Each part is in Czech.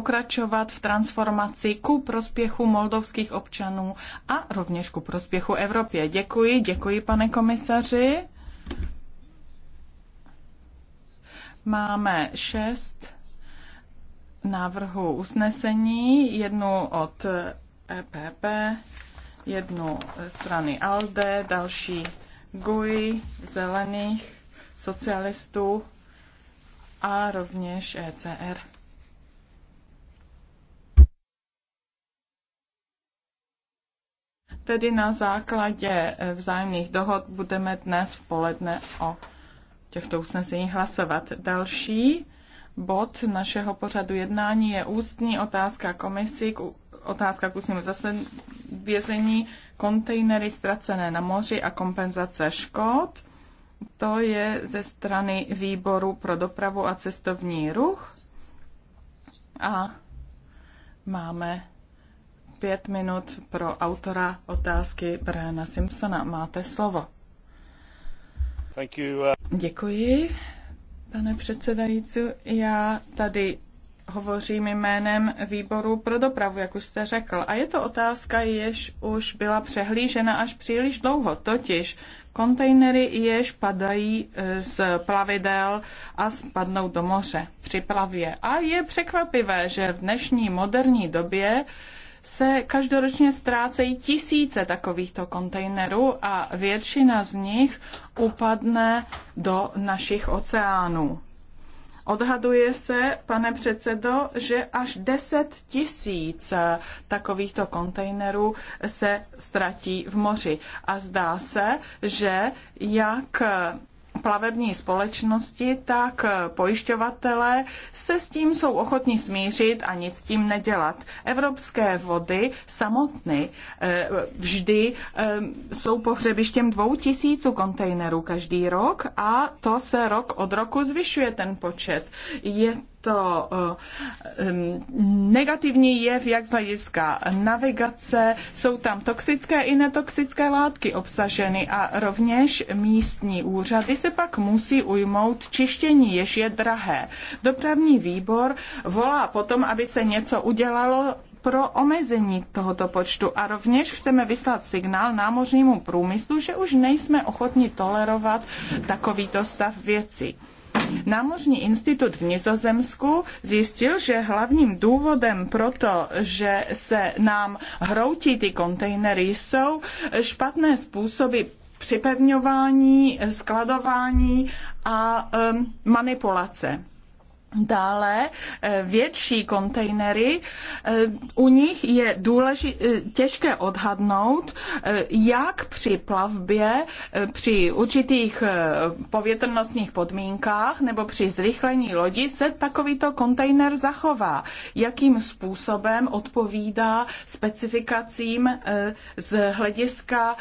pokračovat v transformaci ku prospěchu moldovských občanů a rovněž ku prospěchu Evropě. Děkuji, děkuji, pane komisaři. Máme šest návrhů usnesení, jednu od EPP, jednu strany ALDE, další GUI, zelených, socialistů a rovněž ECR. Tedy na základě eh, vzájemných dohod budeme dnes v poledne o těchto usneseních hlasovat. Další bod našeho pořadu jednání je ústní otázka komisi, otázka k ústnímu vězení, kontejnery ztracené na moři a kompenzace škod. To je ze strany výboru pro dopravu a cestovní ruch. A máme pět minut pro autora otázky Brana Simpsona. Máte slovo. Thank you, uh... Děkuji, pane předsedající. Já tady hovořím jménem výboru pro dopravu, jak už jste řekl. A je to otázka, jež už byla přehlížena až příliš dlouho, totiž kontejnery, jež padají eh, z plavidel a spadnou do moře při plavě. A je překvapivé, že v dnešní moderní době se každoročně ztrácejí tisíce takovýchto kontejnerů a většina z nich upadne do našich oceánů. Odhaduje se, pane předsedo, že až 10 tisíc takovýchto kontejnerů se ztratí v moři. A zdá se, že jak plavební společnosti, tak pojišťovatelé se s tím jsou ochotní smířit a nic s tím nedělat. Evropské vody samotny eh, vždy eh, jsou pohřebištěm dvou tisíců kontejnerů každý rok a to se rok od roku zvyšuje ten počet. Je to eh, negativní jev, jak z hlediska navigace, jsou tam toxické i netoxické látky obsaženy a rovněž místní úřady se pak musí ujmout čištění, jež je drahé. Dopravní výbor volá potom, aby se něco udělalo pro omezení tohoto počtu a rovněž chceme vyslat signál námořnímu průmyslu, že už nejsme ochotni tolerovat takovýto stav věcí. Námořní institut v Nizozemsku zjistil, že hlavním důvodem pro to, že se nám hroutí ty kontejnery, jsou špatné způsoby připevňování, skladování a um, manipulace. Dále eh, větší kontejnery, eh, u nich je důleži- eh, těžké odhadnout, jak při plavbě, při určitých povětrnostních podmínkách nebo při zrychlení lodi se takovýto kontejner zachová, jakým způsobem odpovídá specifikacím z hlediska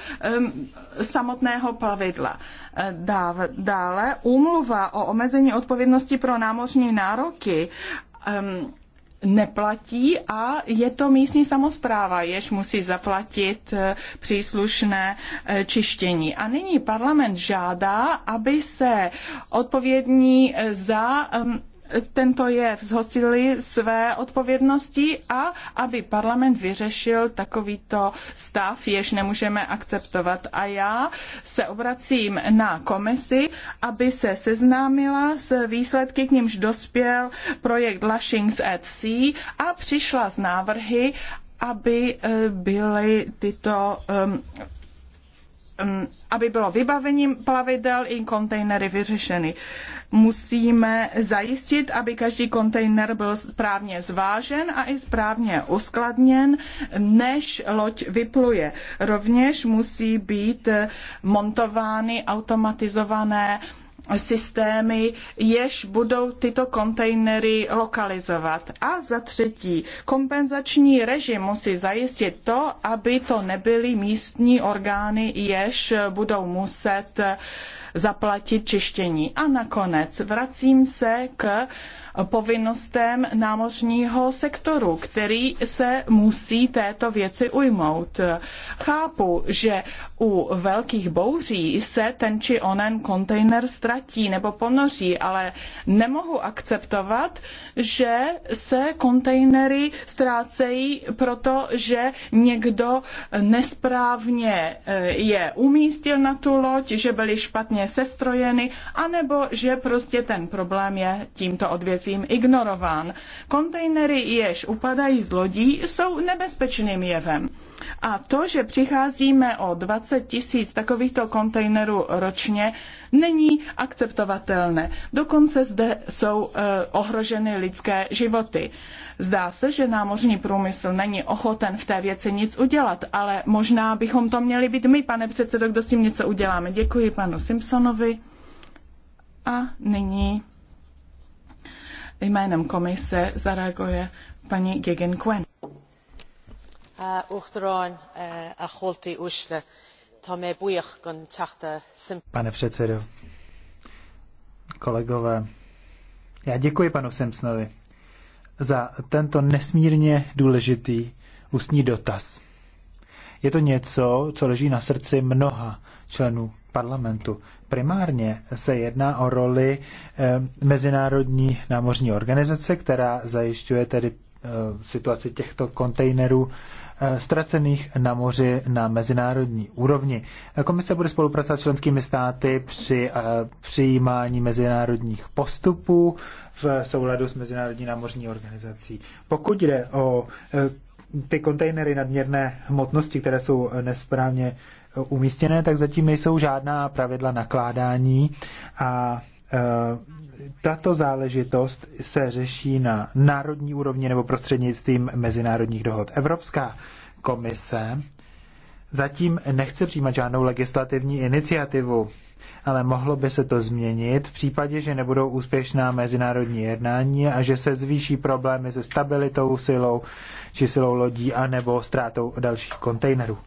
samotného plavidla. Dále úmluva o omezení odpovědnosti pro námořní nároky neplatí a je to místní samozpráva, jež musí zaplatit eh, příslušné eh, čištění. A nyní parlament žádá, aby se odpovědní eh, za tento jev zhostili své odpovědnosti a aby parlament vyřešil takovýto stav, jež nemůžeme akceptovat. A já se obracím na komisi, aby se seznámila s výsledky, k nímž dospěl projekt Lushings at Sea a přišla s návrhy, aby eh, byly tyto ehm, aby bylo vybavení plavidel i kontejnery vyřešeny. Musíme zajistit, aby každý kontejner byl správně zvážen a i správně uskladněn, než loď vypluje. Rovněž musí být montovány automatizované systémy, jež budou tyto kontejnery lokalizovat. A za třetí, kompenzační režim musí zajistit to, aby to nebyly místní orgány, jež budou muset zaplatit čištění. A nakonec vracím se k povinnostem námořního sektoru, který se musí této věci ujmout. Chápu, že u velkých bouří se ten či onen kontejner ztratí nebo ponoří, ale nemohu akceptovat, že se kontejnery ztrácejí proto, že někdo nesprávně eh, je umístil na tu loď, že byly špatně sestrojeny, anebo že prostě ten problém je tímto odvětvím především ignorován. Kontejnery, jež upadají z lodí, jsou nebezpečným jevem. A to, že přicházíme o 20 tisíc takovýchto kontejnerů ročně, není akceptovatelné. Dokonce zde jsou e, ohroženy lidské životy. Zdá se, že námořní průmysl není ochoten v té věci nic udělat, ale možná bychom to měli být my, pane předsedo, kdo s tím něco uděláme. Děkuji panu Simpsonovi. A nyní jménem komise zareaguje paní Gegen Quen. Eh, Pane předsedo, kolegové, já děkuji panu Simpsonovi za tento nesmírně důležitý ústní dotaz. Je to něco, co leží na srdci mnoha členů parlamentu. Primárně se jedná o roli eh, Mezinárodní námořní organizace, která zajišťuje tedy eh, situaci těchto kontejnerů eh, ztracených na moři na mezinárodní úrovni. Komise bude spolupracovat s členskými státy při přijímání mezinárodních postupů v souladu s Mezinárodní námořní organizací. Pokud jde o ty kontejnery nadměrné hmotnosti, které jsou nesprávně umístěné, tak zatím nejsou žádná pravidla nakládání a e, tato záležitost se řeší na národní úrovni nebo prostřednictvím mezinárodních dohod. Evropská komise zatím nechce přijímat žádnou legislativní iniciativu, ale mohlo by se to změnit v případě, že nebudou úspěšná mezinárodní jednání a že se zvýší problémy se stabilitou silou či silou lodí a nebo ztrátou dalších kontejnerů.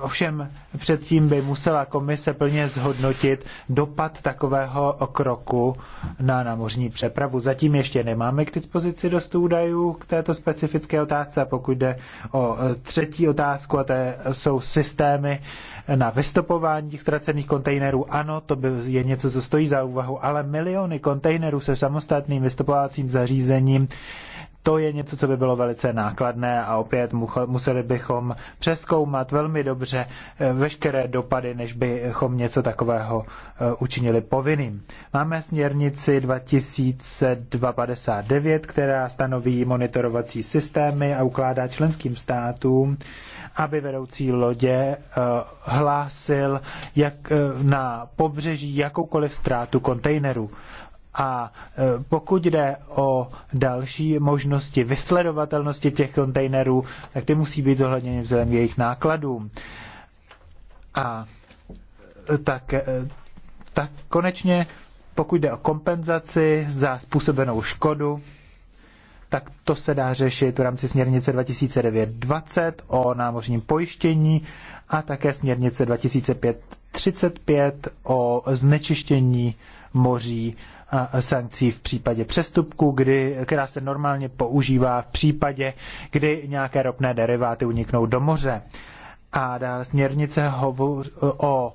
Ovšem předtím by musela komise plně zhodnotit dopad takového kroku na námořní přepravu. Zatím ještě nemáme k dispozici dost údajů k této specifické otázce. Pokud jde o e, třetí otázku, a to jsou systémy na vystopování těch ztracených kontejnerů, ano, to by je něco, co stojí za úvahu, ale miliony kontejnerů se samostatným vystopovacím zařízením to je něco, co by bylo velice nákladné a opět museli bychom přeskoumat velmi dobře eh, veškeré dopady, než bychom něco takového eh, učinili povinným. Máme směrnici 2259, která stanoví monitorovací systémy a ukládá členským státům, aby vedoucí lodě eh, hlásil jak na pobřeží jakoukoliv ztrátu kontejneru. A e, pokud jde o další možnosti vysledovatelnosti těch kontejnerů, tak ty musí být zohledněny vzhledem k jejich nákladům. A e, tak, e, tak konečně, pokud jde o kompenzaci za způsobenou škodu, tak to se dá řešit v rámci směrnice 2009-20 o námořním pojištění a také směrnice 2005-35 o znečištění moří sankcí v případě přestupku, kdy, která se normálně používá v případě, kdy nějaké ropné deriváty uniknou do moře. A dále směrnice hovoří o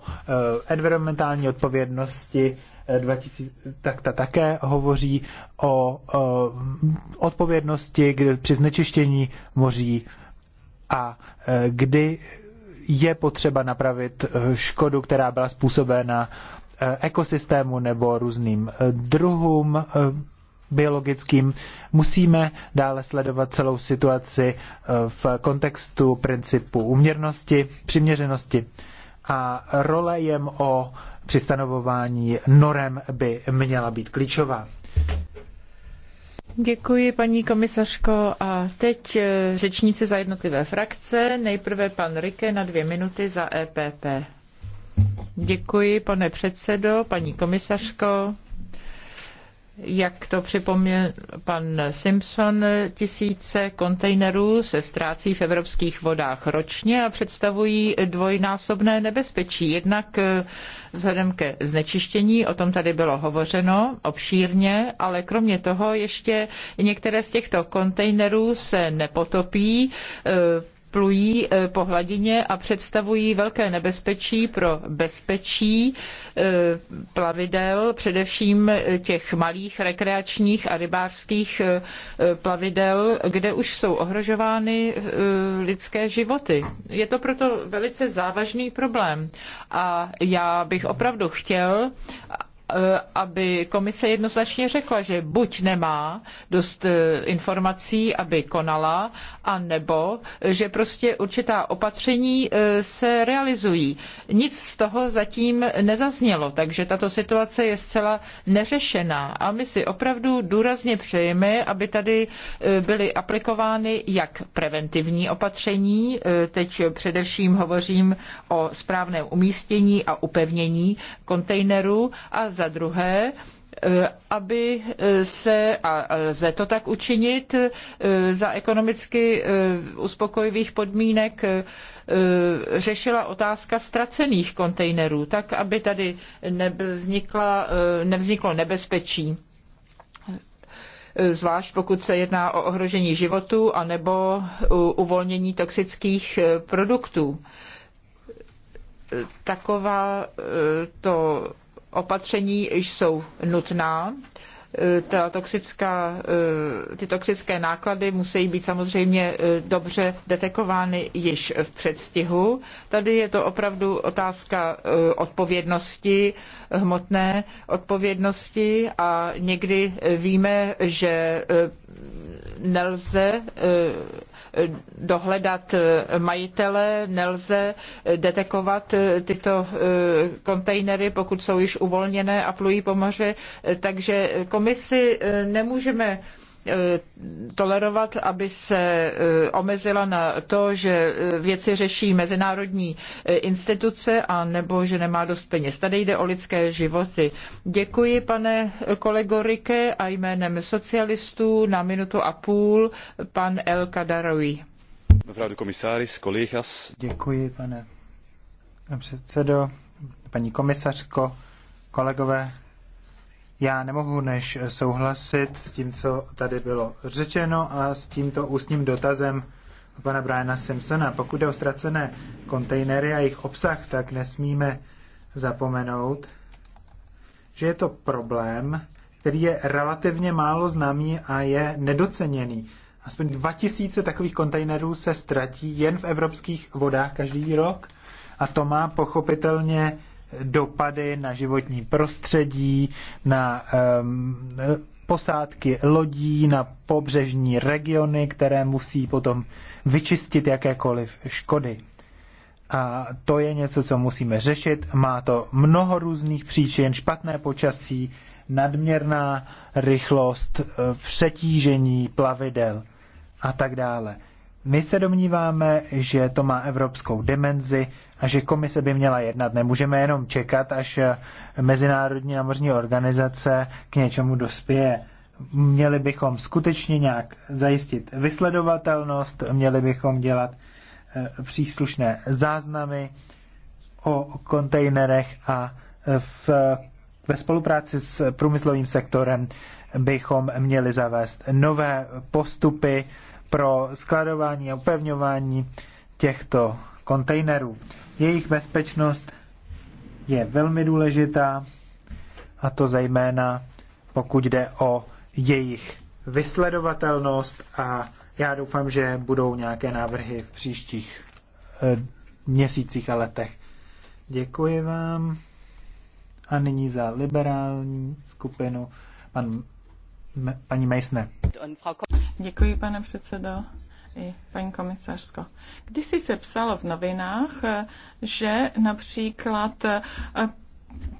e, environmentální odpovědnosti 2000, e, tak ta také hovoří o, o e, odpovědnosti kdy, při znečištění moří a kdy je potřeba napravit škodu, která byla způsobena Eh, ekosystému nebo různým eh, druhům eh, biologickým. Musíme dále sledovat celou situaci v kontextu principu uměrnosti, přiměřenosti. A role jem o při stanovování norem by měla být klíčová. Děkuji, paní komisařko. A teď řečníci za jednotlivé frakce. Nejprve pan Rike na dvě minuty za EPP. Děkuji, pane předsedo, paní komisařko. Jak to připomněl pan Simpson, tisíce kontejnerů se ztrácí v evropských vodách ročně a představují dvojnásobné nebezpečí. Jednak eh, vzhledem ke znečištění, o tom tady bylo hovořeno obšírně, ale kromě toho ještě některé z těchto kontejnerů se nepotopí, eh, plují eh, po hladině a představují velké nebezpečí pro bezpečí eh, plavidel, především eh, těch malých rekreačních a rybářských plavidel, kde už jsou ohrožovány lidské životy. Je to proto velice závažný problém a já bych opravdu chtěl, Eh, aby komise jednoznačně řekla, že buď nemá dost eh, informací, aby konala, a nebo že prostě určitá opatření eh, se realizují. Nic z toho zatím nezaznělo, takže tato situace je zcela neřešená a my si opravdu důrazně přejeme, aby tady byly aplikovány jak preventivní opatření, teď především hovořím o správném umístění a upevnění kontejnerů a za druhé, eh, aby eh, se, a lze to tak učinit, eh, za ekonomicky uspokojivých podmínek řešila otázka ztracených kontejnerů, tak aby tady nevznikla, nevzniklo nebezpečí zvlášť pokud se jedná o ohrožení životu anebo uvolnění toxických produktů. Taková to opatření jsou nutná. Eh, ta toxická, eh, ty toxické náklady musí být samozřejmě eh, dobře detekovány již v předstihu. Tady je to opravdu otázka odpovědnosti, hmotné odpovědnosti a někdy víme, že nelze dohledat eh, majitele, nelze eh, detekovat eh, tyto kontejnery, pokud jsou již uvolněné a plují po moři, takže komisi nemůžeme Eh, tolerovat, aby se eh, omezila na to, že eh, věci řeší mezinárodní instituce a nebo že nemá dost peněz. Tady jde o lidské životy. Děkuji, pane kolego Rike, a jménem socialistů na minutu a půl pan El Kadaroui. Mevrouw de commissaris, Děkuji, pane předsedo, paní komisařko, kolegové, já nemohu než souhlasit s tím, co tady bylo řečeno a s tímto ústním dotazem pana Briana Simpsona. Pokud jde o ztracené kontejnery a jejich obsah, tak nesmíme zapomenout, že je to problém, který je relativně málo známý a je nedoceněný. Aspoň 2000 takových kontejnerů se ztratí jen v evropských vodách každý rok a to má pochopitelně dopady na životní prostředí, na um, posádky lodí, na pobřežní regiony, které musí potom vyčistit jakékoliv škody. A to je něco, co musíme řešit. Má to mnoho různých příčin, špatné počasí, nadměrná rychlost, e, přetížení plavidel a tak dále. My se domníváme, že to má evropskou dimenzi a že komise by měla jednat. Nemůžeme jenom čekat, až eh, Mezinárodní námořní organizace k něčemu dospěje. Měli bychom skutečně nějak zajistit vysledovatelnost, měli bychom dělat eh, příslušné záznamy o kontejnerech a eh, v, ve spolupráci s průmyslovým sektorem bychom měli zavést nové postupy pro skladování a upevňování těchto kontejnerů. Jejich bezpečnost je velmi důležitá, a to zejména pokud jde o jejich vysledovatelnost a já doufám, že budou nějaké návrhy v příštích eh, měsících a letech. Děkuji vám. A nyní za liberální skupinu pan, paní Mejsne. Děkuji, pane předsedo i paní komisařsko. Když jsi se psalo v novinách, že například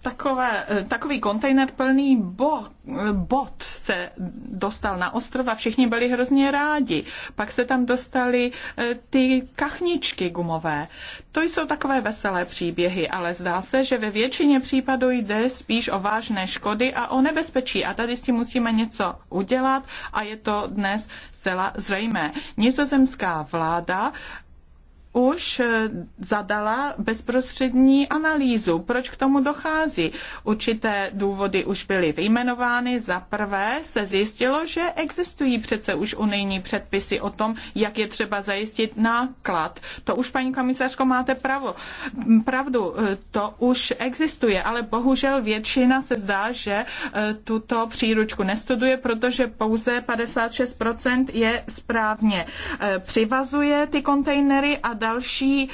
takové, eh, takový kontejner plný bo, eh, bot se dostal na ostrov a všichni byli hrozně rádi. Pak se tam dostali eh, ty kachničky gumové. To jsou takové veselé příběhy, ale zdá se, že ve většině případů jde spíš o vážné škody a o nebezpečí. A tady s tím musíme něco udělat a je to dnes zcela zřejmé. Nizozemská vláda už eh, zadala bezprostřední analýzu, proč k tomu dochází. Určité důvody už byly vyjmenovány. Za prvé se zjistilo, že existují přece už unijní předpisy o tom, jak je třeba zajistit náklad. To už, paní komisařko, máte pravo. pravdu. Eh, to už existuje, ale bohužel většina se zdá, že eh, tuto příručku nestuduje, protože pouze 56% je správně. Přivazuje ty kontejnery a dá další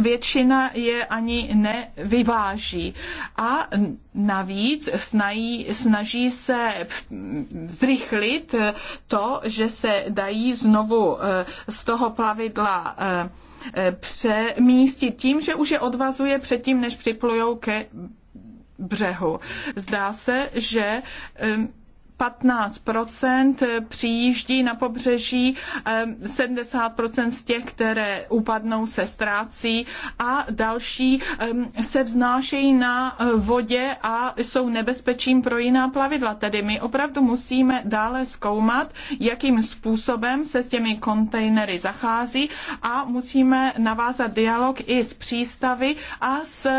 většina je ani nevyváží. A navíc snaží, snaží se zrychlit to, že se dají znovu eh, z toho plavidla eh, eh, přemístit tím, že už je odvazuje předtím, než připlujou ke břehu. Zdá se, že 15 přijíždí na pobřeží, 70 eh, z těch, které upadnou, se ztrácí a další eh, se vznášejí na vodě a jsou nebezpečím pro jiná plavidla. Tedy my opravdu musíme dále zkoumat, jakým způsobem se s těmi kontejnery zachází a musíme navázat dialog i s přístavy a s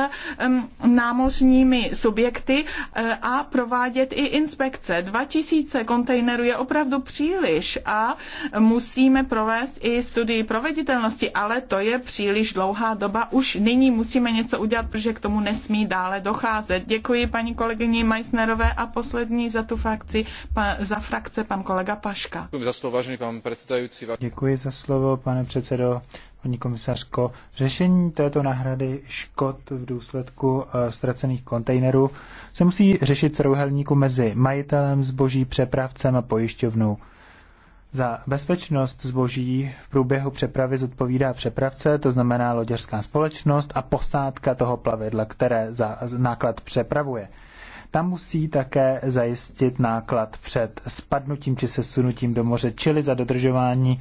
námořními subjekty eh, a provádět i inspekce. Tisíce kontejnerů je opravdu příliš a musíme provést i studii proveditelnosti, ale to je příliš dlouhá doba. Už nyní musíme něco udělat, protože k tomu nesmí dále docházet. Děkuji paní kolegyni Meissnerové a poslední za tu frakci, pa, za frakce pan kolega Paška. Děkuji za slovo, vážený pan předsedající. Děkuji za slovo, pane předsedo paní komisařko. Řešení této náhrady škod v důsledku eh, ztracených kontejnerů se musí řešit v trouhelníku mezi majitelem zboží, přepravcem a pojišťovnou. Za bezpečnost zboží v průběhu přepravy zodpovídá přepravce, to znamená loděřská společnost a posádka toho plavidla, které za náklad přepravuje ta musí také zajistit náklad před spadnutím či sesunutím do moře, čili za dodržování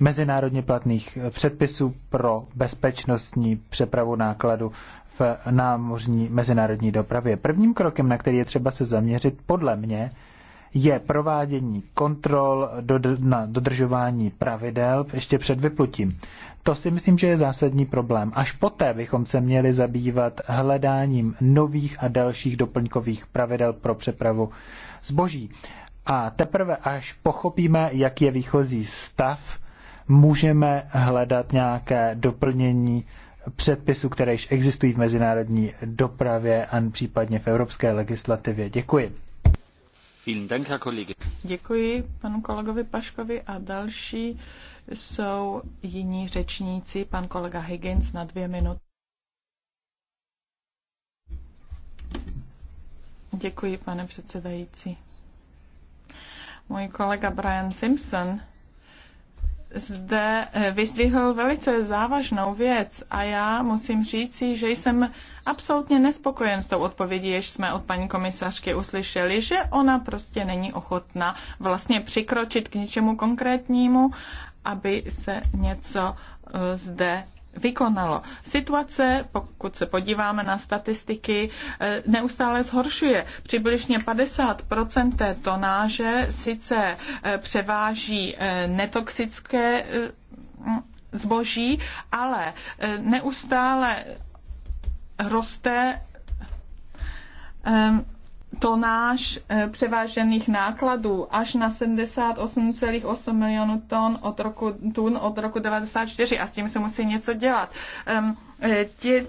mezinárodně platných předpisů pro bezpečnostní přepravu nákladu v námořní mezinárodní dopravě. Prvním krokem, na který je třeba se zaměřit, podle mě, je provádění kontrol na dodržování pravidel ještě před vyplutím. To si myslím, že je zásadní problém. Až poté bychom se měli zabývat hledáním nových a dalších doplňkových pravidel pro přepravu zboží. A teprve až pochopíme, jak je výchozí stav, můžeme hledat nějaké doplnění předpisů, které již existují v mezinárodní dopravě a případně v evropské legislativě. Děkuji. Děkuji panu kolegovi Paškovi a další jsou jiní řečníci, pan kolega Higgins na dvě minuty. Děkuji, pane předsedající. Můj kolega Brian Simpson zde eh, vyzdvihl velice závažnou věc a já musím říci, že jsem absolutně nespokojen s tou odpovědí, jež jsme od paní komisařky uslyšeli, že ona prostě není ochotná vlastně přikročit k něčemu konkrétnímu aby se něco e, zde vykonalo. Situace, pokud se podíváme na statistiky, e, neustále zhoršuje. Přibližně 50 té tonáže sice e, převáží netoxické zboží, ale neustále roste tonáž eh, převážených nákladů až na 78,8 milionů ton od roku, tun od roku 1994. a s tím se musí něco dělat. Um, eh, tě,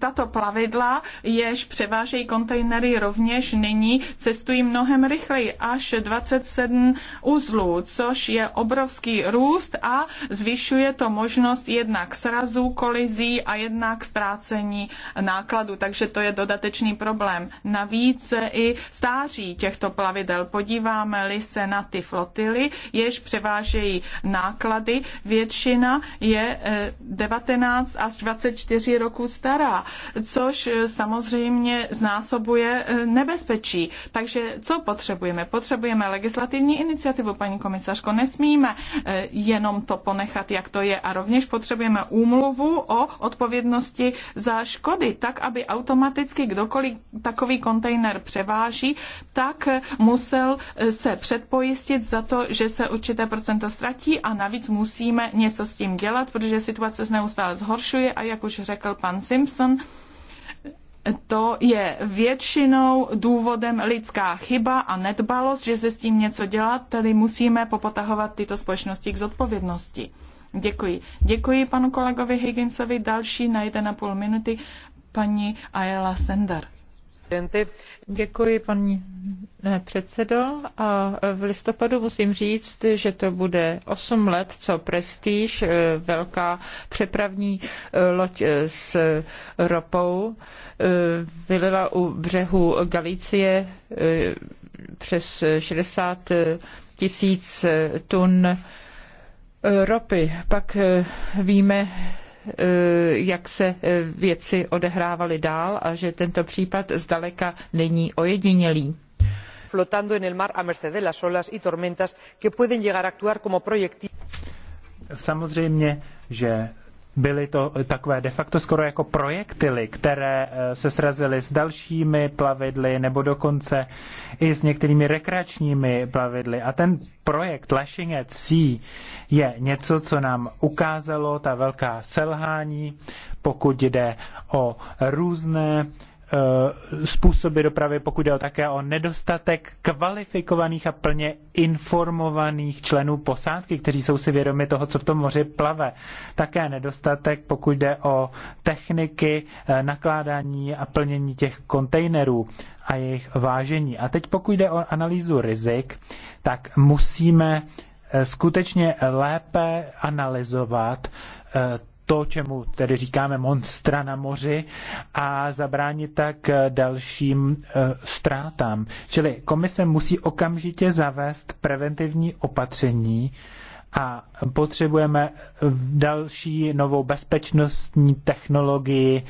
tato plavidla, jež převážejí kontejnery rovněž nyní, cestují mnohem rychleji, až 27 uzlů, což je obrovský růst a zvyšuje to možnost jednak srazů, kolizí a jednak ztrácení nákladu, takže to je dodatečný problém. Navíc i stáří těchto plavidel. Podíváme-li se na ty flotily, jež převážejí náklady, většina je 19 eh, až 24 roku stará hora, což eh, samozřejmě znásobuje eh, nebezpečí. Takže co potřebujeme? Potřebujeme legislativní iniciativu, paní komisařko. Nesmíme eh, jenom to ponechat, jak to je. A rovněž potřebujeme úmluvu o odpovědnosti za škody, tak aby automaticky kdokoliv takový kontejner převáží, tak musel se předpojistit za to, že se určité procento ztratí a navíc musíme něco s tím dělat, protože situace se neustále zhoršuje a jak už řekl pan Sims, Simpson, to je většinou důvodem lidská chyba a nedbalost, že se s tím něco dělat, tedy musíme popotahovat tyto společnosti k zodpovědnosti. Děkuji. Děkuji panu kolegovi Higginsovi. Další na půl minuty paní Ayala Sender. Děkuji, paní eh, předsedo. A eh, v listopadu musím říct, že to bude 8 let, co Prestige, eh, velká přepravní loď s ropou, vylila u břehu Galicie přes 60 tisíc tun ropy. Pak víme, Eh, jak se eh, věci odehrávaly dál a že tento případ zdaleka není ojedinělý flotando en el mar a merced de las olas y tormentas que pueden llegar a actuar como Samozřejmě, že byly to takové de facto skoro jako projektily, které eh, se srazily s dalšími plavidly nebo dokonce i s některými rekreačními plavidly. A ten projekt Lashing at Sea je něco, co nám ukázalo ta velká selhání, pokud jde o různé Eh, způsoby dopravy, pokud jde o také o nedostatek kvalifikovaných a plně informovaných členů posádky, kteří jsou si vědomi toho, co v tom moři plave. Také nedostatek, pokud jde o techniky eh, nakládání a plnění těch kontejnerů a jejich vážení. A teď pokud jde o analýzu rizik, tak musíme eh, skutečně lépe analyzovat to, čemu tedy říkáme monstra na moři a zabránit tak dalším e, ztrátám. Čili komise musí okamžitě zavést preventivní opatření, a potřebujeme další novou bezpečnostní technologii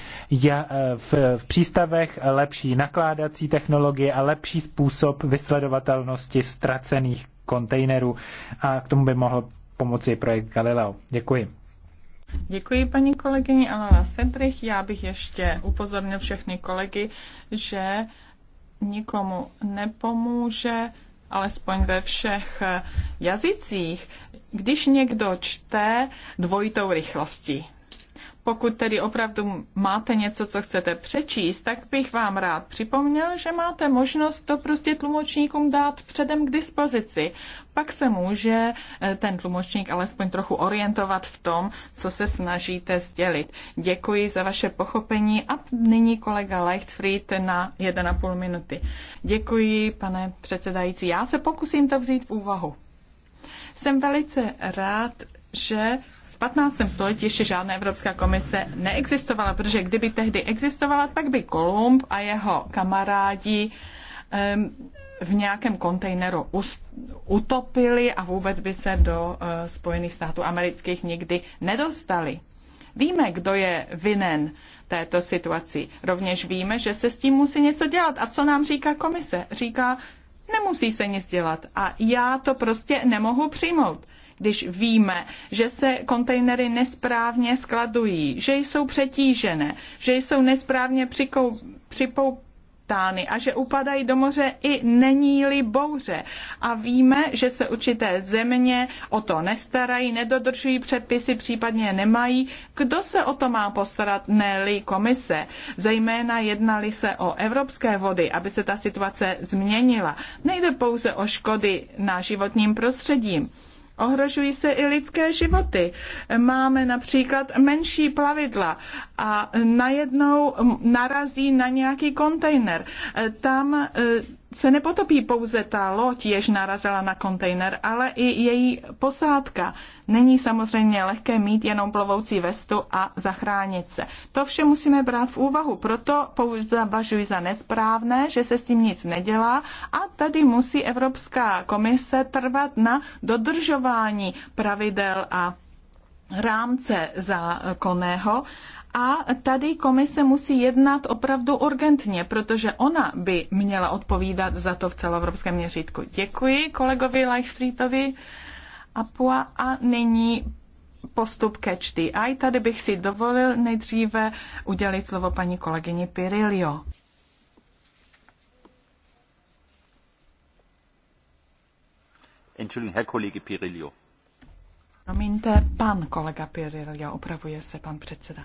e, v, přístavech, lepší nakládací technologie a lepší způsob vysledovatelnosti ztracených kontejnerů a k tomu by mohl pomoci projekt Galileo. Děkuji. Děkuji paní kolegyni Alana Sedrich. Já bych ještě upozornil všechny kolegy, že nikomu nepomůže, alespoň ve všech jazycích, když někdo čte dvojitou rychlostí. Pokud tedy opravdu máte něco, co chcete přečíst, tak bych vám rád připomněl, že máte možnost to prostě tlumočníkům dát předem k dispozici. Pak se může eh, ten tlumočník alespoň trochu orientovat v tom, co se snažíte sdělit. Děkuji za vaše pochopení a nyní kolega Leichtfried na 1,5 minuty. Děkuji, pane předsedající. Já se pokusím to vzít v úvahu. Jsem velice rád, že 15. století ještě žádná Evropská komise neexistovala, protože kdyby tehdy existovala, tak by Kolumb a jeho kamarádi v nějakém kontejneru utopili a vůbec by se do eh, Spojených států amerických nikdy nedostali. Víme, kdo je vinen této situaci. Rovněž víme, že se s tím musí něco dělat. A co nám říká komise? Říká, nemusí se nic dělat a já to prostě nemohu přijmout když víme, že se kontejnery nesprávně skladují, že jsou přetížené, že jsou nesprávně přikou, připou, a že upadají do moře i není-li bouře. A víme, že se určité země o to nestarají, nedodržují předpisy, případně nemají. Kdo se o to má postarat, ne-li komise? Zejména jednali se o evropské vody, aby se ta situace změnila. Nejde pouze o škody na životním prostředím Ohrožují se i lidské životy. Máme například menší plavidla a najednou narazí na nějaký kontejner. Tam eh, se nepotopí pouze ta loď, jež narazila na kontejner, ale i její posádka. Není samozřejmě lehké mít jenom plovoucí vestu a zachránit se. To vše musíme brát v úvahu, proto považuji za nesprávné, že se s tím nic nedělá a tady musí Evropská komise trvat na dodržování pravidel a rámce zákonného a tady komise musí jednat opravdu urgentně, protože ona by měla odpovídat za to v celoevropském měřítku. Děkuji kolegovi Leichfriedovi pua a nyní postup catch the eye. Tady bych si dovolil nejdříve udělit slovo paní kolegyni Pirilio. Entschuldigung, Herr Kollege Pirilio. Promiňte, pan kolega Pirilio, opravuje se pan předseda.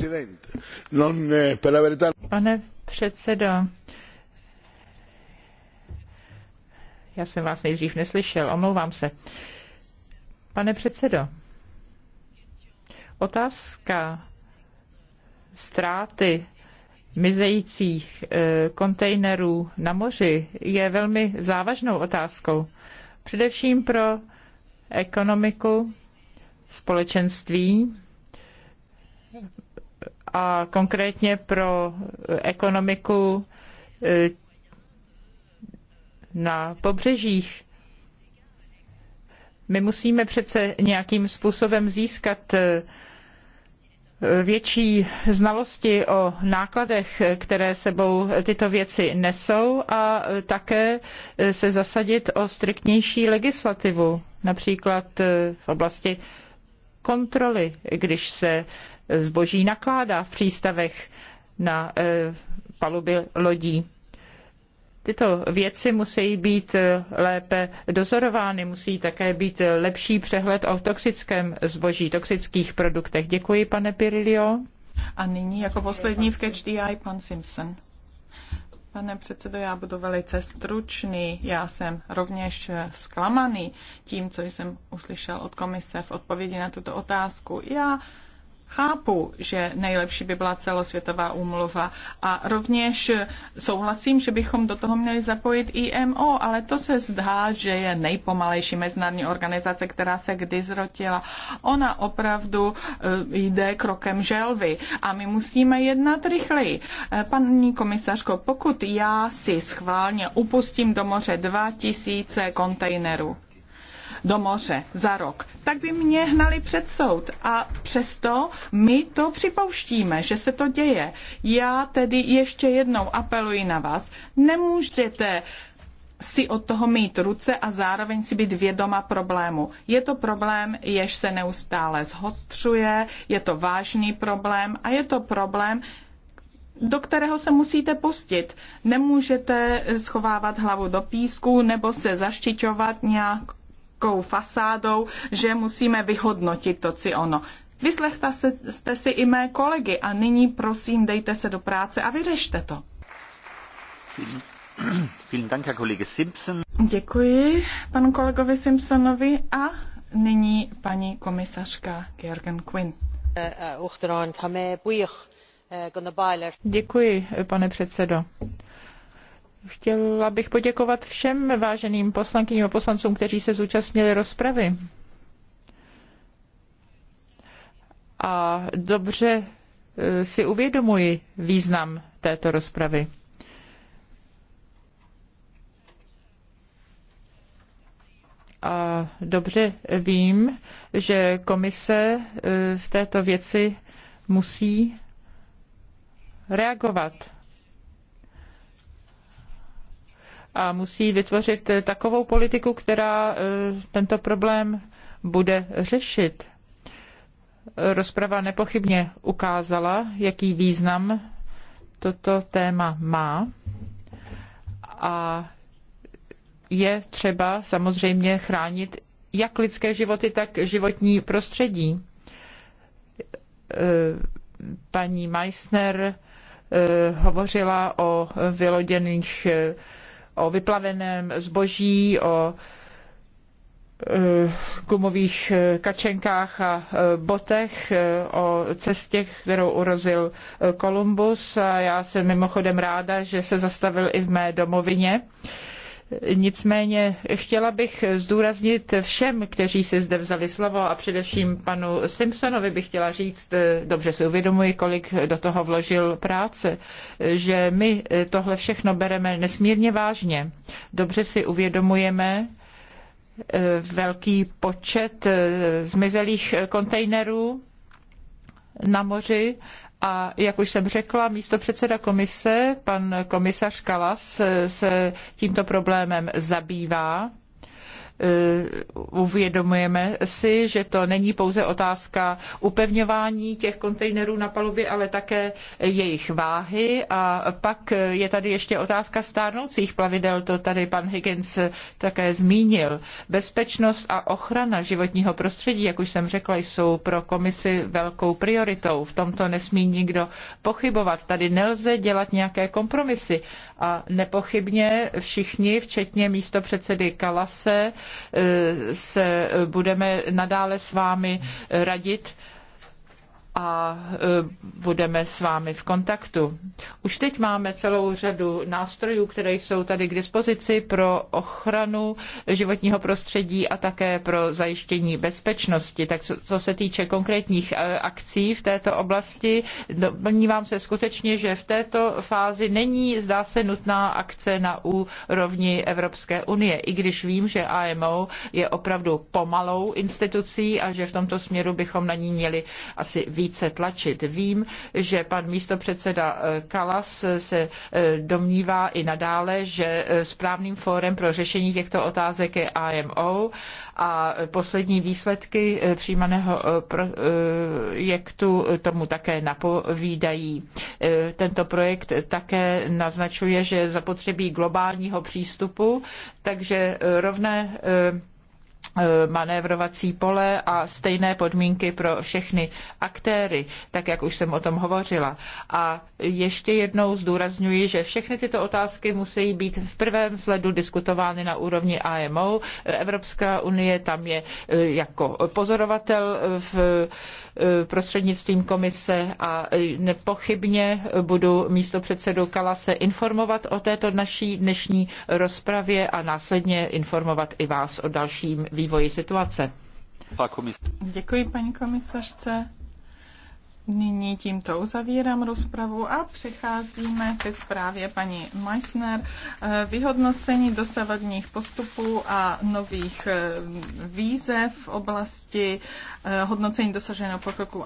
Eh, Pane předsedo, já jsem vás nejdřív neslyšel, omlouvám se. Pane předsedo, otázka ztráty mizejících eh, kontejnerů na moři je velmi závažnou otázkou. Především pro ekonomiku, společenství, a konkrétně pro ekonomiku e, na pobřežích. My musíme přece nějakým způsobem získat e, větší znalosti o nákladech, které sebou tyto věci nesou a také se zasadit o striktnější legislativu, například e, v oblasti kontroly, když se zboží nakládá v přístavech na eh, palubě lodí. Tyto věci musí být eh, lépe dozorovány, musí také být eh, lepší přehled o toxickém zboží, toxických produktech. Děkuji, pane Pirilio. A nyní jako poslední v Catch the Eye pan Simpson. Pane předsedo, já budu velice stručný. Já jsem rovněž zklamaný tím, co jsem uslyšel od komise v odpovědi na tuto otázku. Já Chápu, že nejlepší by byla celosvětová úmluva a rovněž souhlasím, že bychom do toho měli zapojit IMO, ale to se zdá, že je nejpomalejší mezinárodní organizace, která se kdy zrotila. Ona opravdu eh, jde krokem želvy a my musíme jednat rychleji. Eh, paní komisařko, pokud já si schválně upustím do moře 2000 kontejnerů, do moře za rok, tak by mě hnali před soud. A přesto my to připouštíme, že se to děje. Já tedy ještě jednou apeluji na vás, nemůžete si od toho mít ruce a zároveň si být vědoma problému. Je to problém, jež se neustále zhostřuje, je to vážný problém a je to problém, do kterého se musíte pustit. Nemůžete schovávat hlavu do písku nebo se zaštiťovat nějak takovou fasádou, že musíme vyhodnotit to, si ono. Vyslechta jste si i mé kolegy a nyní prosím dejte se do práce a vyřešte to. Děkuji panu kolegovi Simpsonovi a nyní paní komisařka Georgen Quinn. Eh, eh, eh, Děkuji, pane předsedo. Chtěla bych poděkovat všem váženým poslankyním a poslancům, kteří se zúčastnili rozpravy. A dobře e, si uvědomuji význam této rozpravy. A dobře vím, že komise e, v této věci musí reagovat a musí vytvořit takovou politiku, která e, tento problém bude řešit. Rozprava nepochybně ukázala, jaký význam toto téma má a je třeba samozřejmě chránit jak lidské životy, tak životní prostředí. E, paní Meissner e, hovořila o vyloděných o vyplaveném zboží, o eh, gumových eh, kačenkách a eh, botech o cestě, kterou urozil Kolumbus. já jsem mimochodem ráda, že se zastavil i v mé domovině. Nicméně chtěla bych zdůraznit všem, kteří si zde vzali slovo a především panu Simpsonovi bych chtěla říct, eh, dobře si uvědomuji, kolik do toho vložil práce, že my tohle všechno bereme nesmírně vážně. Dobře si uvědomujeme, eh, velký počet eh, zmizelých kontejnerů na moři a jak už jsem řekla, místo předseda komise, pan komisař Kalas, se tímto problémem zabývá Eh, uvědomujeme si, že to není pouze otázka upevňování těch kontejnerů na palubě, ale také jejich váhy. A pak je tady ještě otázka stárnoucích plavidel, to tady pan Higgins také zmínil. Bezpečnost a ochrana životního prostředí, jak už jsem řekla, jsou pro komisi velkou prioritou. V tomto nesmí nikdo pochybovat. Tady nelze dělat nějaké kompromisy. A nepochybně všichni, včetně místo předsedy Kalase, Eh, se budeme nadále s vámi radit a e, budeme s vámi v kontaktu. Už teď máme celou řadu nástrojů, které jsou tady k dispozici pro ochranu životního prostředí a také pro zajištění bezpečnosti. Tak co se týče konkrétních e, akcí v této oblasti, domnívám se skutečně, že v této fázi není, zdá se, nutná akce na úrovni Evropské unie, i když vím, že AMO je opravdu pomalou institucí a že v tomto směru bychom na ní měli asi víc více tlačit. Vím, že pan místopředseda eh, Kalas eh, se eh, domnívá i nadále, že správným fórem pro řešení těchto otázek je IMO a poslední výsledky přijímaného projektu tomu také napovídají. Tento projekt také naznačuje, že zapotřebí globálního přístupu, takže rovné Eh, manévrovací pole a stejné podmínky pro všechny aktéry, tak jak už jsem o tom hovořila. A ještě jednou zdůrazňuji, že všechny tyto otázky musí být v prvém sledu diskutovány na úrovni IMO. Evropská unie tam je eh, jako pozorovatel eh, v prostřednictvím komise a nepochybně budu místo předsedu Kalase informovat o této naší dnešní rozpravě a následně informovat i vás o dalším vývoji situace. Děkuji paní komisařce. Nyní tímto uzavírám rozpravu a přecházíme ke zprávě paní Meissner. Eh, vyhodnocení dosavadních postupů a nových eh, výzev v oblasti eh, hodnocení dosaženého pokroku